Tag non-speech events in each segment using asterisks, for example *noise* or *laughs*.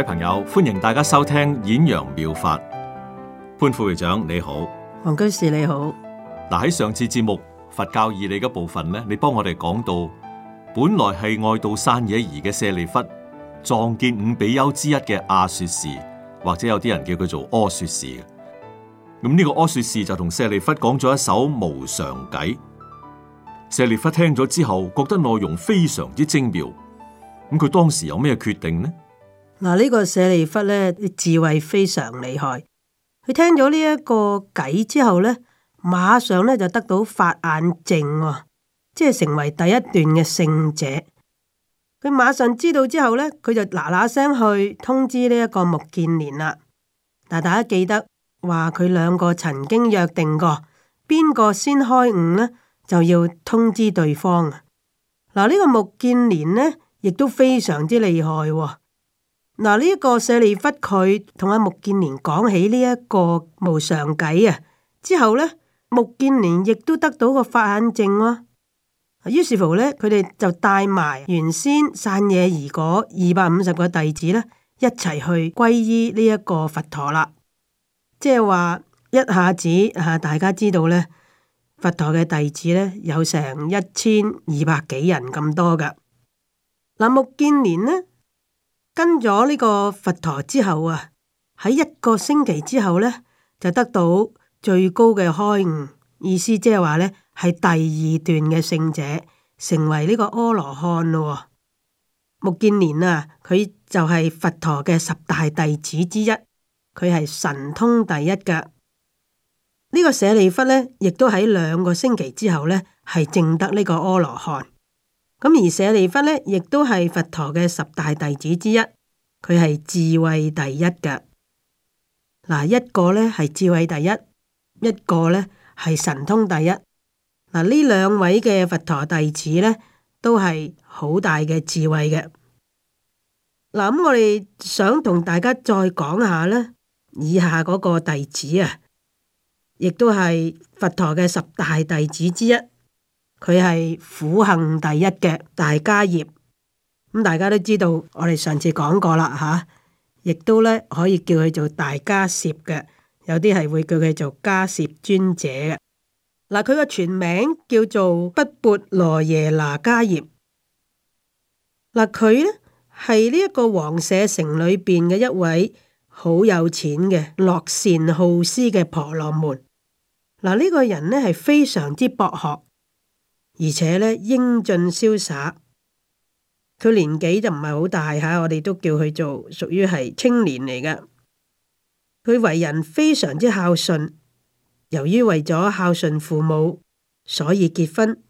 各位朋友，歡迎大家收聽《演揚妙，妙法》。潘副會長你好，黃居士你好。嗱，喺上次節目佛教義理嗰部分咧，你幫我哋講到本來係外道山野兒嘅舍利弗撞見五比丘之一嘅阿說示，或者有啲人叫佢做阿說示。咁呢個阿說示就同舍利弗講咗一首無常偈。舍利弗聽咗之後，覺得內容非常之精妙。咁佢當時有咩決定呢？嗱，呢個舍利弗呢，智慧非常厲害。佢聽咗呢一個偈之後呢，馬上呢就得到法眼淨喎、哦，即係成為第一段嘅聖者。佢馬上知道之後呢，佢就嗱嗱聲去通知呢一個目犍連啦。嗱，大家記得話佢兩個曾經約定過，邊個先開悟呢，就要通知對方啊。嗱，呢個目犍連呢，亦都非常之厲害喎、哦。嗱，呢一個舍利弗佢同阿目犍連講起呢一個無常偈啊，之後呢，目犍連亦都得到個法眼證喎。於是乎呢，佢哋就帶埋原先散野而嗰二百五十個弟子呢，一齊去皈依呢一個佛陀啦。即係話一下子嚇大家知道呢，佛陀嘅弟子呢，有成一千二百幾人咁多噶。嗱，目犍連呢。跟咗呢個佛陀之後啊，喺一個星期之後呢，就得到最高嘅開悟，意思即係話呢，係第二段嘅聖者，成為呢個阿羅漢咯、哦。目犍連啊，佢就係佛陀嘅十大弟子之一，佢係神通第一㗎。呢個舍利弗呢，亦都喺兩個星期之後呢，係證得呢個阿羅漢。咁而舍利弗咧，亦都係佛陀嘅十大弟子之一。佢係智慧第一嘅，嗱，一個咧係智慧第一，一個咧係神通第一。嗱，呢兩位嘅佛陀弟子咧，都係好大嘅智慧嘅。嗱，咁我哋想同大家再講下咧，以下嗰個弟子啊，亦都係佛陀嘅十大弟子之一。佢係苦行第一嘅大迦葉，咁大家都知道，我哋上次講過啦吓，亦都咧可以叫佢做大迦葉嘅，有啲係會叫佢做迦葉尊者嘅。嗱，佢個全名叫做畢缽羅耶那迦葉，嗱，佢咧係呢一個王舍城裏邊嘅一位好有錢嘅樂善好施嘅婆羅門。嗱、這、呢個人咧係非常之博學。而且咧英俊瀟灑，佢年紀就唔係好大吓，我哋都叫佢做屬於係青年嚟㗎。佢為人非常之孝順，由於為咗孝順父母，所以結婚。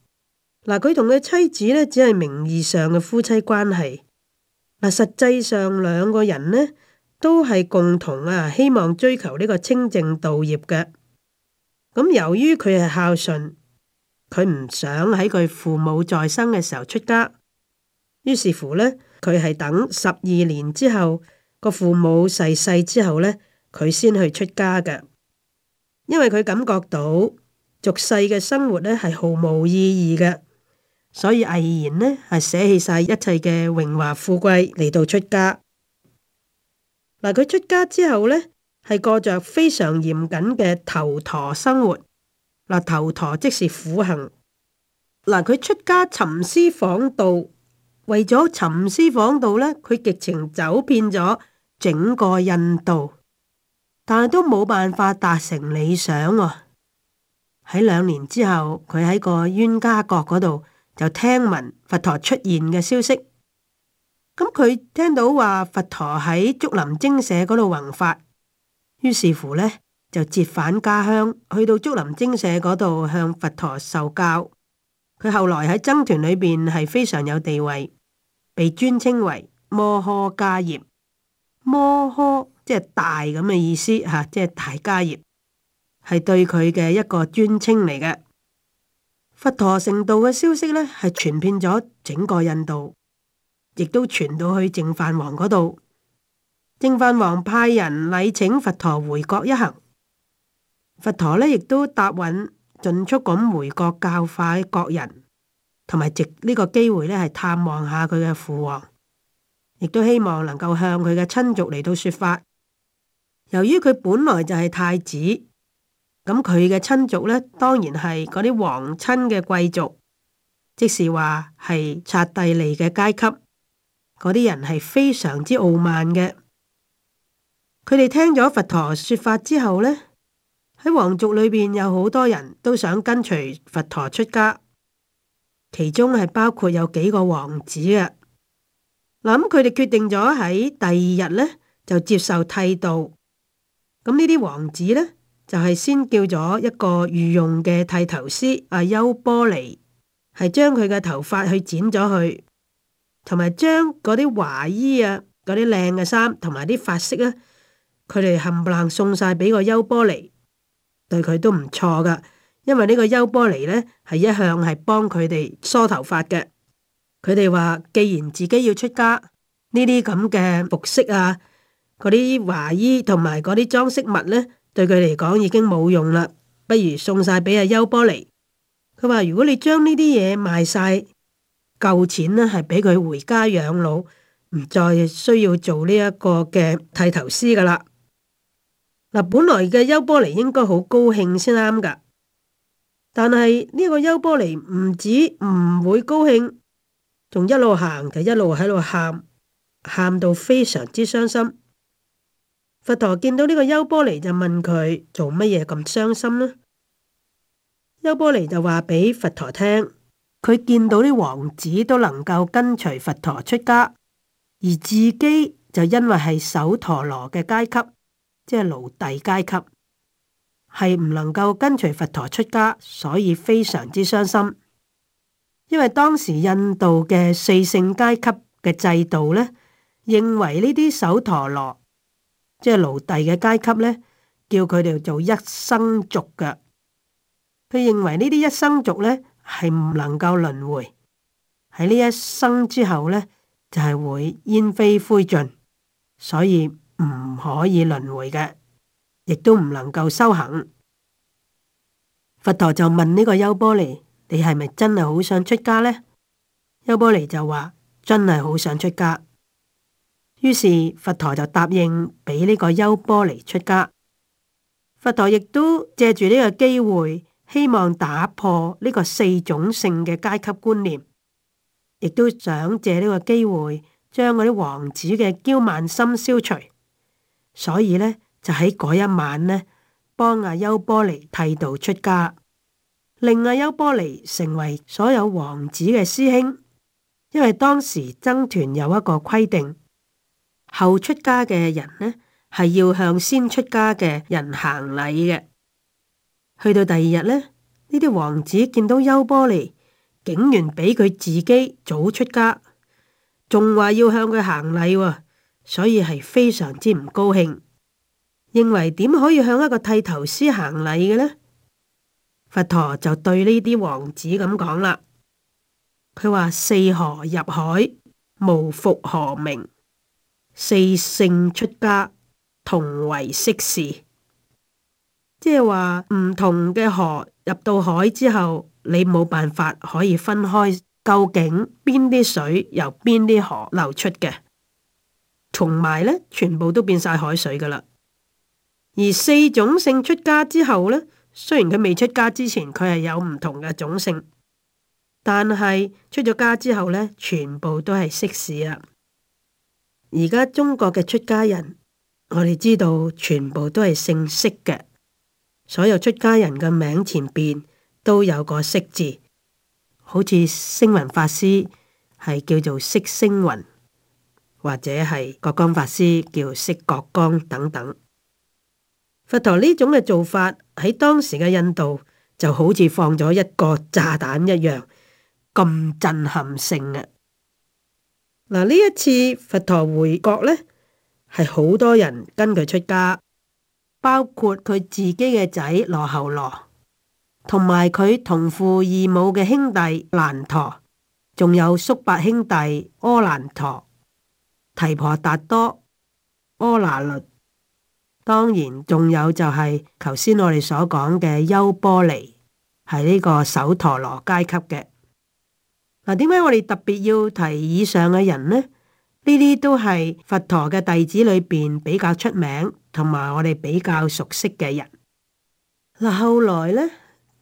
嗱，佢同佢妻子咧只係名義上嘅夫妻關係，嗱實際上兩個人咧都係共同啊希望追求呢個清淨道業嘅。咁由於佢係孝順。佢唔想喺佢父母在生嘅時候出家，於是乎呢，佢係等十二年之後個父母逝世之後呢，佢先去出家嘅。因為佢感覺到俗世嘅生活呢係毫無意義嘅，所以毅然呢係捨棄晒一切嘅榮華富貴嚟到出家。嗱，佢出家之後呢，係過着非常嚴謹嘅頭陀生活。嗱，頭陀即是苦行。嗱，佢出家尋師訪道，為咗尋師訪道呢，佢極情走遍咗整個印度，但係都冇辦法達成理想。喺兩年之後，佢喺個冤家國嗰度就聽聞佛陀出現嘅消息。咁佢聽到話佛陀喺竹林精舍嗰度弘法，於是乎呢。就折返家鄉，去到竹林精舍嗰度向佛陀受教。佢後來喺僧團裏邊係非常有地位，被尊稱為摩訶迦葉。摩訶即係大咁嘅意思吓，即係大迦葉，係對佢嘅一個尊稱嚟嘅。佛陀成道嘅消息呢，係傳遍咗整個印度，亦都傳到去淨飯王嗰度。淨飯王派人禮請佛陀回國一行。佛陀呢亦都答允盡速咁回國教化國人，同埋藉呢個機會呢，係探望下佢嘅父王，亦都希望能夠向佢嘅親族嚟到説法。由於佢本來就係太子，咁佢嘅親族呢，當然係嗰啲皇親嘅貴族，即是話係剎帝利嘅階級，嗰啲人係非常之傲慢嘅。佢哋聽咗佛陀説法之後呢。喺皇族裏邊有好多人都想跟隨佛陀出家，其中係包括有幾個王子啊。嗱、嗯，佢哋決定咗喺第二日呢就接受剃度。咁呢啲王子呢，就係、是、先叫咗一個御用嘅剃頭師阿優波離，係將佢嘅頭髮去剪咗去，同埋將嗰啲華衣啊、嗰啲靚嘅衫同埋啲髮飾啊，佢哋冚唪唥送晒俾個優波離。對佢都唔錯噶，因為個呢個優波離呢係一向係幫佢哋梳頭髮嘅。佢哋話既然自己要出家，呢啲咁嘅服飾啊、嗰啲華衣同埋嗰啲裝飾物呢，對佢嚟講已經冇用啦，不如送晒俾阿優波離。佢話如果你將呢啲嘢賣晒，夠錢呢係俾佢回家養老，唔再需要做呢一個嘅剃頭師噶啦。嗱，本來嘅優波離應該好高興先啱噶，但係呢個優波離唔止唔會高興，仲一路行就一路喺度喊，喊到非常之傷心。佛陀見到呢個優波離就問佢做乜嘢咁傷心呢？優波離就話俾佛陀聽，佢見到啲王子都能夠跟隨佛陀出家，而自己就因為係首陀羅嘅階級。即係奴隸階級，係唔能夠跟隨佛陀出家，所以非常之傷心。因為當時印度嘅四姓階級嘅制度呢，認為呢啲首陀羅，即係奴隸嘅階級呢，叫佢哋做一生族嘅。佢認為呢啲一生族呢係唔能夠輪迴，喺呢一生之後呢，就係會煙飛灰盡，所以。唔可以輪回嘅，亦都唔能夠修行。佛陀就問呢個優波離：你係咪真係好想出家呢？優波離就話：真係好想出家。於是佛陀就答應俾呢個優波離出家。佛陀亦都借住呢個機會，希望打破呢個四種姓嘅階級觀念，亦都想借呢個機會將嗰啲王子嘅驕慢心消除。所以呢，就喺嗰一晚呢，幫阿優波離剃度出家，令阿優波離成為所有王子嘅師兄。因為當時僧團有一個規定，後出家嘅人呢係要向先出家嘅人行禮嘅。去到第二日呢，呢啲王子見到優波離，竟然比佢自己早出家，仲話要向佢行禮喎。所以係非常之唔高興，認為點可以向一個剃頭師行禮嘅呢？佛陀就對呢啲王子咁講啦，佢話四河入海，無復河名；四姓出家，同為釋氏。即係話唔同嘅河入到海之後，你冇辦法可以分開，究竟邊啲水由邊啲河流出嘅。同埋咧，全部都變晒海水噶啦。而四種姓出家之後咧，雖然佢未出家之前佢係有唔同嘅種姓，但係出咗家之後咧，全部都係釋氏啦。而家中國嘅出家人，我哋知道全部都係姓釋嘅，所有出家人嘅名前邊都有個釋字，好似星雲法師係叫做釋星雲。或者係國光法師叫釋國光等等，佛陀呢種嘅做法喺當時嘅印度就好似放咗一個炸彈一樣咁震撼性啊！嗱，呢一次佛陀回國呢，係好多人跟佢出家，包括佢自己嘅仔羅睺羅，同埋佢同父異母嘅兄弟蘭陀，仲有叔伯兄弟柯蘭陀。提婆達多、阿那律，當然仲有就係頭先我哋所講嘅優波離，係呢個首陀羅階級嘅。嗱、啊，點解我哋特別要提以上嘅人呢？呢啲都係佛陀嘅弟子裏邊比較出名，同埋我哋比較熟悉嘅人。嗱、啊，後來呢，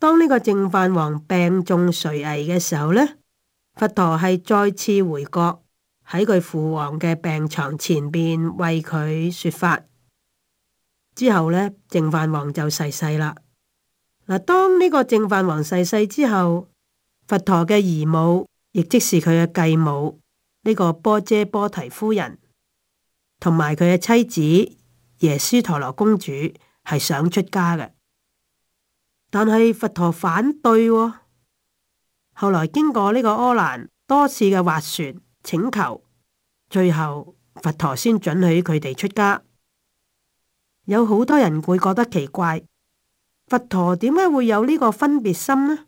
當呢個淨飯王病重垂危嘅時候呢，佛陀係再次回國。喺佢父王嘅病床前邊為佢說法之後呢，淨飯王就逝世啦。嗱，當呢個淨飯王逝世之後，佛陀嘅姨母，亦即是佢嘅繼母呢、呢個波闍波提夫人，同埋佢嘅妻子耶輸陀羅公主係想出家嘅，但係佛陀反對、喎。後來經過呢個阿難多次嘅劃船。請求最後，佛陀先准許佢哋出家。有好多人會覺得奇怪，佛陀點解會有呢個分別心呢？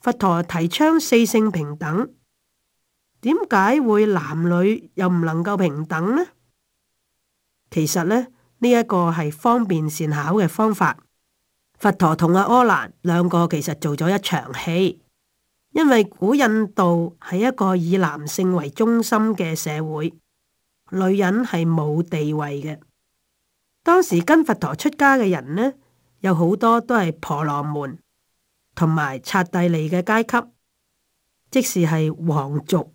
佛陀提倡四姓平等，點解會男女又唔能夠平等呢？其實呢，呢、這、一個係方便善巧嘅方法。佛陀同阿難兩個其實做咗一場戲。因為古印度係一個以男性為中心嘅社會，女人係冇地位嘅。當時跟佛陀出家嘅人呢，有好多都係婆羅門同埋剎帝利嘅階級，即是係皇族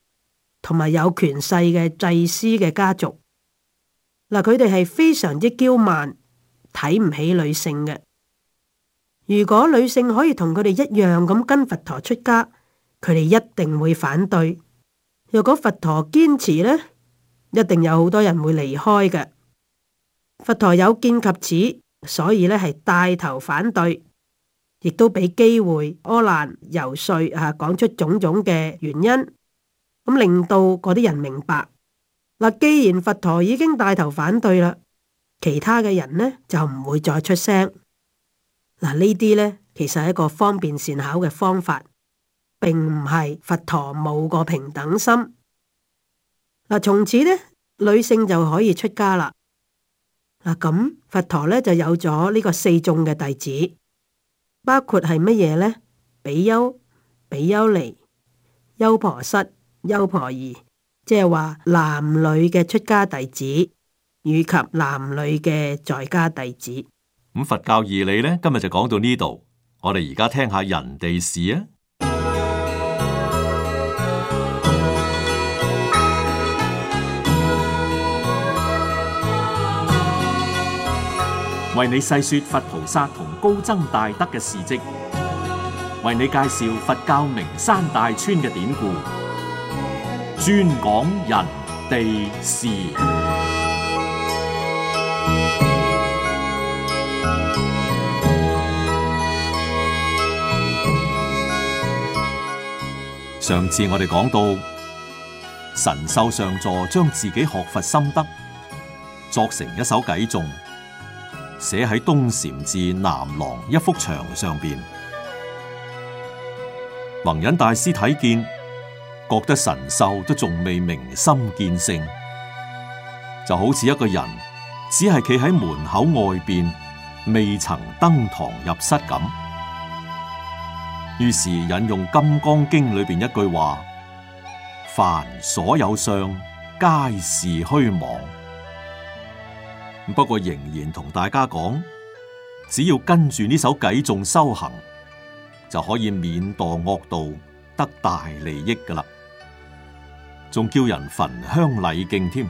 同埋有權勢嘅祭司嘅家族，嗱，佢哋係非常之嬌慢，睇唔起女性嘅。如果女性可以同佢哋一樣咁跟佛陀出家，佢哋一定會反對。若果佛陀堅持呢，一定有好多人會離開嘅。佛陀有見及此，所以呢係帶頭反對，亦都俾機會阿難遊說啊，講出種種嘅原因，咁令到嗰啲人明白嗱。既然佛陀已經帶頭反對啦，其他嘅人呢就唔會再出聲嗱。呢啲呢其實係一個方便善巧嘅方法。並唔係佛陀冇個平等心，嗱，從此呢女性就可以出家啦。嗱，啊，咁佛陀呢就有咗呢個四眾嘅弟子，包括係乜嘢呢？比丘、比丘尼、優婆塞、優婆夷，即係話男女嘅出家弟子，以及男女嘅在家弟子。咁佛教義理呢今日就講到呢度，我哋而家聽下人哋事啊。為你細說佛菩薩同高僧大德嘅事跡，為你介紹佛教名山大川嘅典故，專講人地事。上次我哋講到，神秀上座將自己學佛心得，作成一首偈頌。寫喺東禪寺南廊一幅牆上邊，弘忍大師睇見，覺得神秀都仲未明心見性，就好似一個人只係企喺門口外邊，未曾登堂入室咁。於是引用《金剛經》裏邊一句話：凡所有相，皆是虛妄。不過仍然同大家講，只要跟住呢首偈頌修行，就可以免墮惡道，得大利益噶啦。仲叫人焚香禮敬添，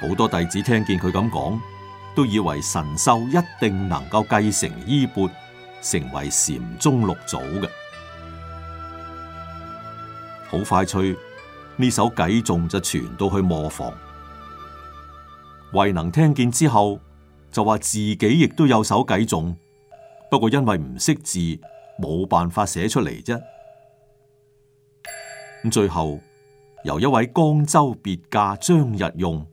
好多弟子聽見佢咁講，都以為神秀一定能夠繼承衣鉢，成為禪宗六祖嘅。好快脆，呢首偈頌就傳到去磨坊。慧能聽見之後，就話自己亦都有首偈頌，不過因為唔識字，冇辦法寫出嚟啫。咁最後由一位江州別駕張日用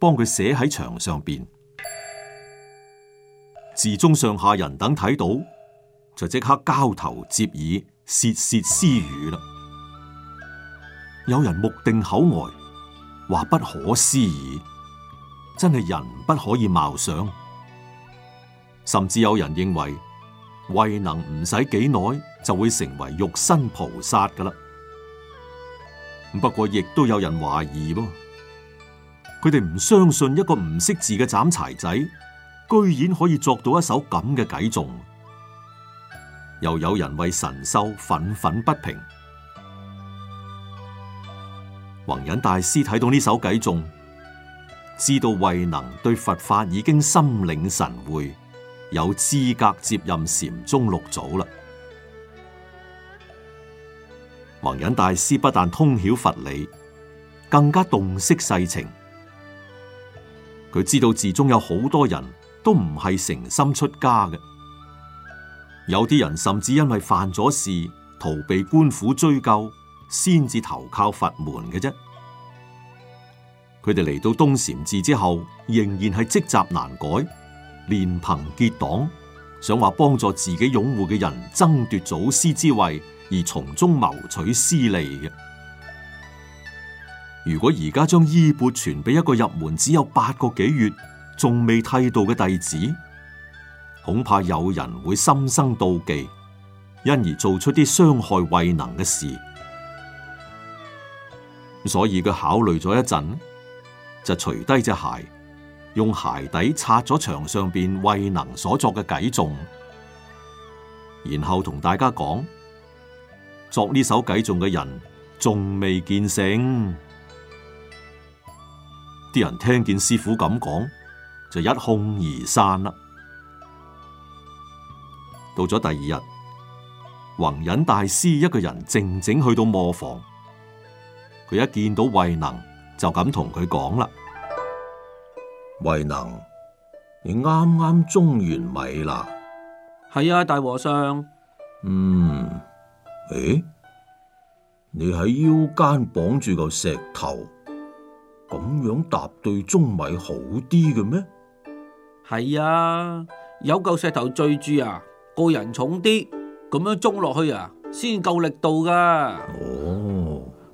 幫佢寫喺牆上邊，字中上下人等睇到，就即刻交頭接耳，竊竊私語啦。有人目定口呆，話不可思議。真係人不可以貌相，甚至有人認為慧能唔使幾耐就會成為肉身菩薩㗎喇。不過亦都有人懷疑噃，佢哋唔相信一個唔識字嘅斬柴仔，居然可以作到一首咁嘅偈頌。又有人為神秀忿忿不平，弘忍大師睇到呢首偈頌。知道慧能對佛法已經心領神會，有資格接任禪宗六祖啦。弘忍大師不但通曉佛理，更加洞悉世情。佢知道寺中有好多人都唔係誠心出家嘅，有啲人甚至因為犯咗事，逃避官府追究，先至投靠佛門嘅啫。佢哋嚟到東禪寺之後，仍然係積習難改，連朋結黨，想話幫助自己擁護嘅人爭奪祖師之位，而從中謀取私利嘅。如果而家將衣鉢傳俾一個入門只有八個幾月，仲未剃度嘅弟子，恐怕有人會心生妒忌，因而做出啲傷害慧能嘅事。所以佢考慮咗一陣。就除低隻鞋，用鞋底擦咗牆上邊慧能所作嘅偈頌，然後同大家講：作呢首偈頌嘅人仲未見醒。啲人聽見師父咁講，就一哄而散啦。到咗第二日，弘忍大師一個人靜靜去到磨房，佢一見到慧能。就咁同佢講啦，慧能，你啱啱舂完米啦？係啊，大和尚。嗯，誒、欸，你喺腰間綁住嚿石頭，咁樣踏對舂米好啲嘅咩？係啊，有嚿石頭墜住啊，個人重啲，咁樣舂落去啊，先夠力度噶。哦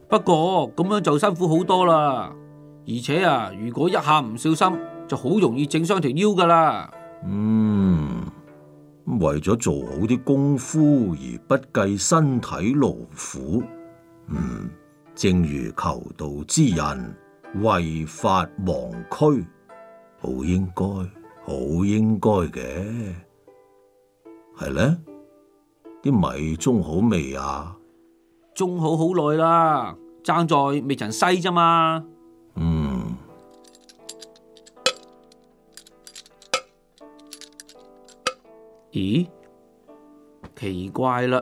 不過咁樣就辛苦好多啦，而且啊，如果一下唔小心，就好容易整傷條腰噶啦。嗯，為咗做好啲功夫而不計身體勞苦，嗯，正如求道之人為法忘軀，好應該，好應該嘅。係咧，啲米舂好未啊？舂好好耐啦，爭在未曾篩啫嘛。嗯，咦，奇怪啦，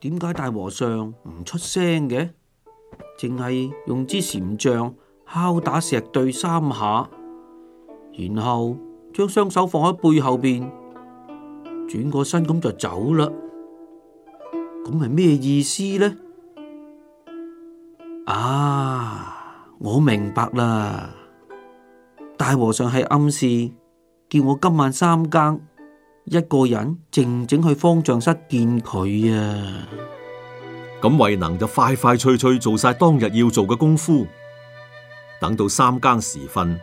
點解大和尚唔出聲嘅？淨係用支禪杖敲打石碓三下，然後將雙手放喺背後邊，轉過身咁就走啦。咁係咩意思呢？啊，我明白啦！大和尚係暗示叫我今晚三更一個人靜靜去方丈室見佢啊！咁慧能就快快脆脆做晒當日要做嘅功夫，等到三更時分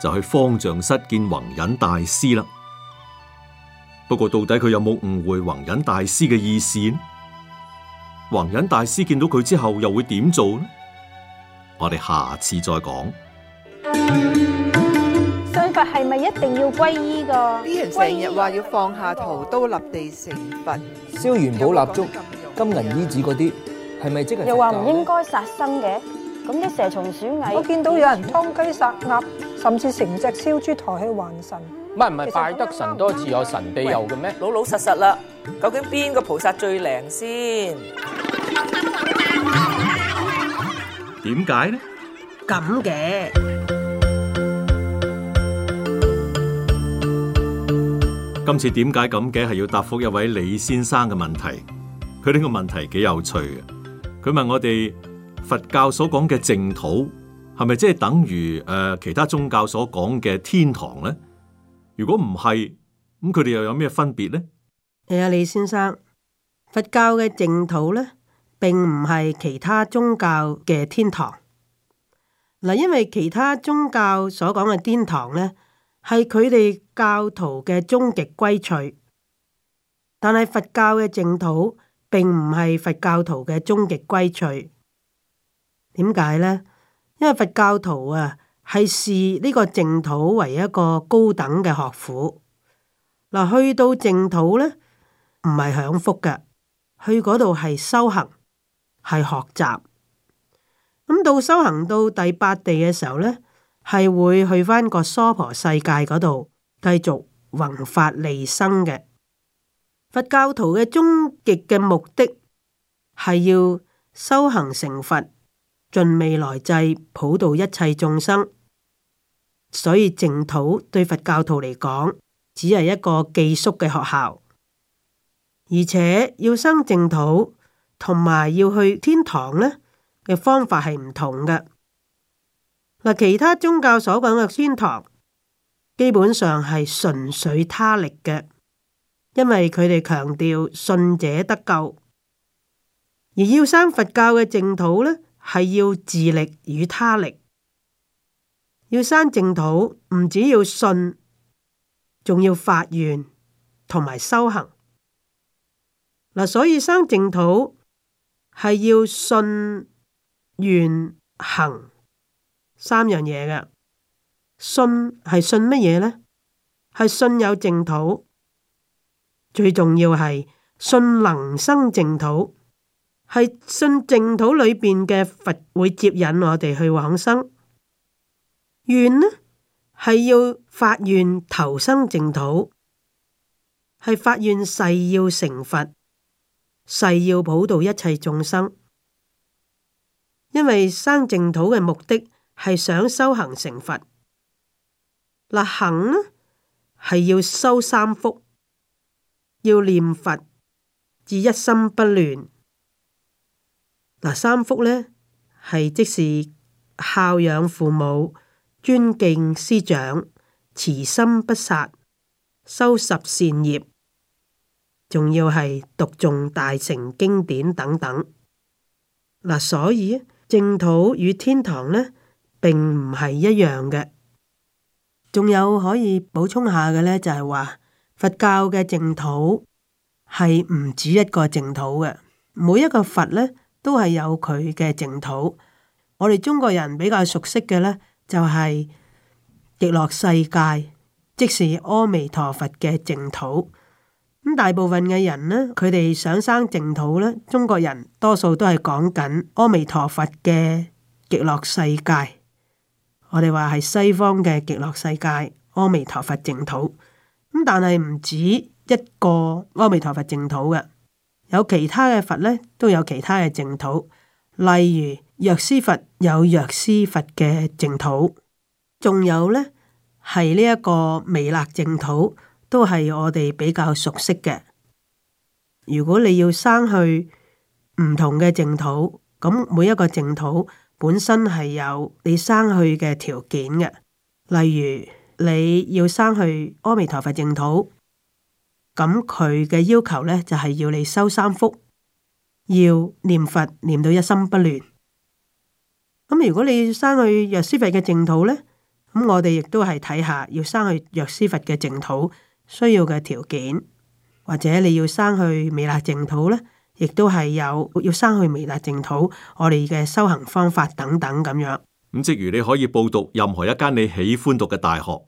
就去方丈室見弘忍大師啦。不過到底佢有冇誤會弘忍大師嘅意思？弘忍大師見到佢之後又會點做呢？我哋下次再講。信佛係咪一定要皈依噶？啲人成日話要放下屠刀立地成佛，燒元寶蠟燭、金銀衣紙嗰啲係咪即係？又話唔應該殺生嘅，咁啲蛇蟲鼠蟻，我見到有人劏雞殺鴨，甚至成隻燒豬抬去還神。唔係唔係，拜得神多自有神庇佑嘅咩？老老實實啦。究竟邊個菩薩最靈先？點解呢？咁嘅 *laughs* ，今次點解咁嘅係要答復一位李先生嘅問題。佢呢個問題幾有趣嘅。佢問我哋「佛教所講嘅淨土係咪即係等於誒、呃、其他宗教所講嘅天堂呢？如果唔係，咁佢哋又有咩分別呢？」誒，阿李先生，佛教嘅淨土呢，並唔係其他宗教嘅天堂。嗱，因為其他宗教所講嘅天堂呢，係佢哋教徒嘅終極歸趣。但係佛教嘅淨土，並唔係佛教徒嘅終極歸趣。點解呢？因為佛教徒啊，係視呢個淨土為一個高等嘅學府。嗱，去到淨土呢。唔係享福嘅，去嗰度係修行，係學習。咁、嗯、到修行到第八地嘅時候呢，係會去返個娑婆世界嗰度繼續弘法利生嘅。佛教徒嘅終極嘅目的係要修行成佛，盡未來際，普渡一切眾生。所以淨土對佛教徒嚟講，只係一個寄宿嘅學校。而且要生淨土同埋要去天堂呢嘅方法，係唔同嘅。嗱，其他宗教所講嘅天堂，基本上係純粹他力嘅，因為佢哋強調信者得救。而要生佛教嘅淨土呢，係要自力與他力。要生淨土，唔止要信，仲要發願同埋修行。嗱，所以生淨土係要信、願、行三樣嘢嘅。信係信乜嘢呢？係信有淨土，最重要係信能生淨土，係信淨土裏邊嘅佛會接引我哋去往生。願呢，係要發願投生淨土，係發願誓要成佛。誓要普渡一切眾生，因為生淨土嘅目的係想修行成佛。嗱，行呢係要修三福，要念佛，至一心不亂。嗱，三福呢係即是孝養父母、尊敬師長、慈心不殺、修十善業。仲要係讀誦大乘經典等等，嗱，所以淨土與天堂呢，並唔係一樣嘅。仲有可以補充下嘅呢，就係話佛教嘅淨土係唔止一個淨土嘅，每一個佛呢都係有佢嘅淨土。我哋中國人比較熟悉嘅呢，就係極樂世界，即是阿彌陀佛嘅淨土。咁大部分嘅人呢，佢哋想生淨土呢，中國人多數都係講緊阿彌陀佛嘅極樂世界，我哋話係西方嘅極樂世界，阿彌陀佛淨土。咁但係唔止一個阿彌陀佛淨土嘅，有其他嘅佛呢都有其他嘅淨土。例如藥師佛有藥師佛嘅淨土，仲有呢，係呢一個彌勒淨土。都係我哋比較熟悉嘅。如果你要生去唔同嘅淨土，咁每一個淨土本身係有你生去嘅條件嘅。例如你要生去阿彌陀佛淨土，咁佢嘅要求呢，就係要你修三福，要念佛念到一心不亂。咁如果你要生去藥師佛嘅淨土呢，咁我哋亦都係睇下要生去藥師佛嘅淨土。需要嘅條件，或者你要生去彌勒淨土呢，亦都係有要生去彌勒淨土，我哋嘅修行方法等等咁樣。咁，即如你可以報讀任何一間你喜歡讀嘅大學，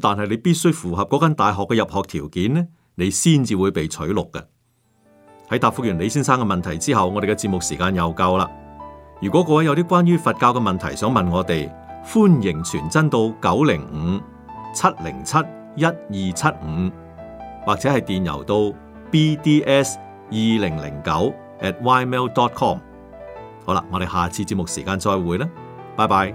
但係你必須符合嗰間大學嘅入學條件呢，你先至會被取錄嘅。喺答覆完李先生嘅問題之後，我哋嘅節目時間又夠啦。如果各位有啲關於佛教嘅問題想問我哋，歡迎傳真到九零五七零七。一二七五，75，或者係電郵到 bds 二零零九 at ymail.com。好啦，我哋下次節目時間再會啦，拜拜。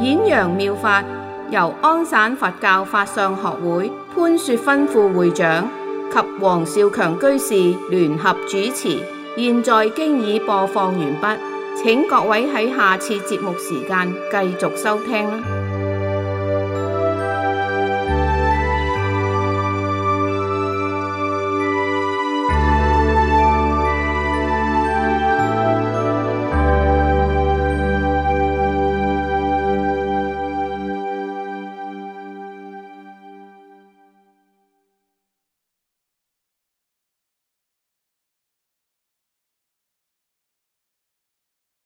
演揚妙法由安省佛教法相學會潘雪芬副會長及黃少強居士聯合主持，現在經已播放完畢。請各位喺下次節目時間繼續收聽。